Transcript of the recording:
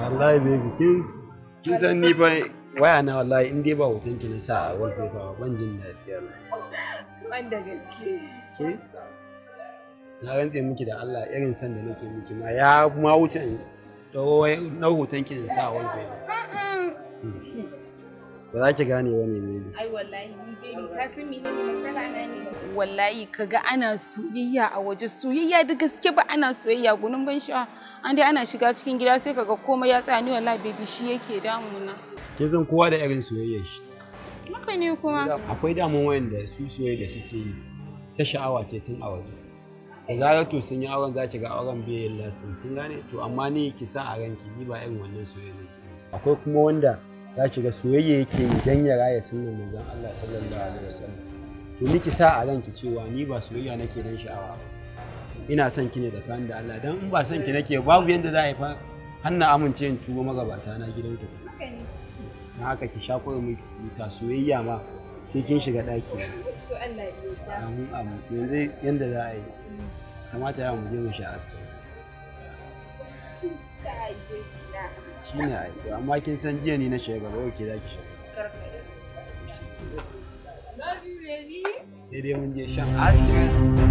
wallahi baby kin kin san ni fa waya na wallahi in dai ba hoton ki na sa a wallpaper ban jin daɗi wanda gaske ke na rantse miki da Allah irin san da nake miki ma ya kuma wuce to wai na hoton ki na sa a wallpaper hmm. ba za ki gane wani ne ai wallahi ni ni ka san ne sala na wallahi kaga ana soyayya a waje soyayya da gaske ba ana soyayya gunin ban sha an dai ana shiga cikin gida sai kaga komai ya tsani wallahi baby shi yake damuna ke zan kowa da irin soyayya shi haka ne kuma akwai damun wanda su soyayya da suke yi ta sha'awa ce tun a waje da zarar to sun yi auren za ki ga auren bai yin lasting kin gane to amma ni ki sa a ranki ni ba irin wannan soyayya akwai kuma wanda za ki ga soyayya yake yi dan ya raya sunan manzon Allah sallallahu alaihi wasallam domin ki sa a ranki cewa ni ba soyayya nake dan sha'awa ina son ki ne kan da Allah dan in ba son ki nake babu yanda za a yi fa hanna amince in tuwo magabata na gidan ku na haka ki sha koyo mu ta soyayya ma sai kin shiga daki to Allah ya yi amin amin yanzu yanda za a yi mm. kamata ya mu je mu sha aski shine ai amma kin san jiya ni na shiga gaba yau ke zaki shiga Jadi dia menjadi hmm. syang asli. Kan?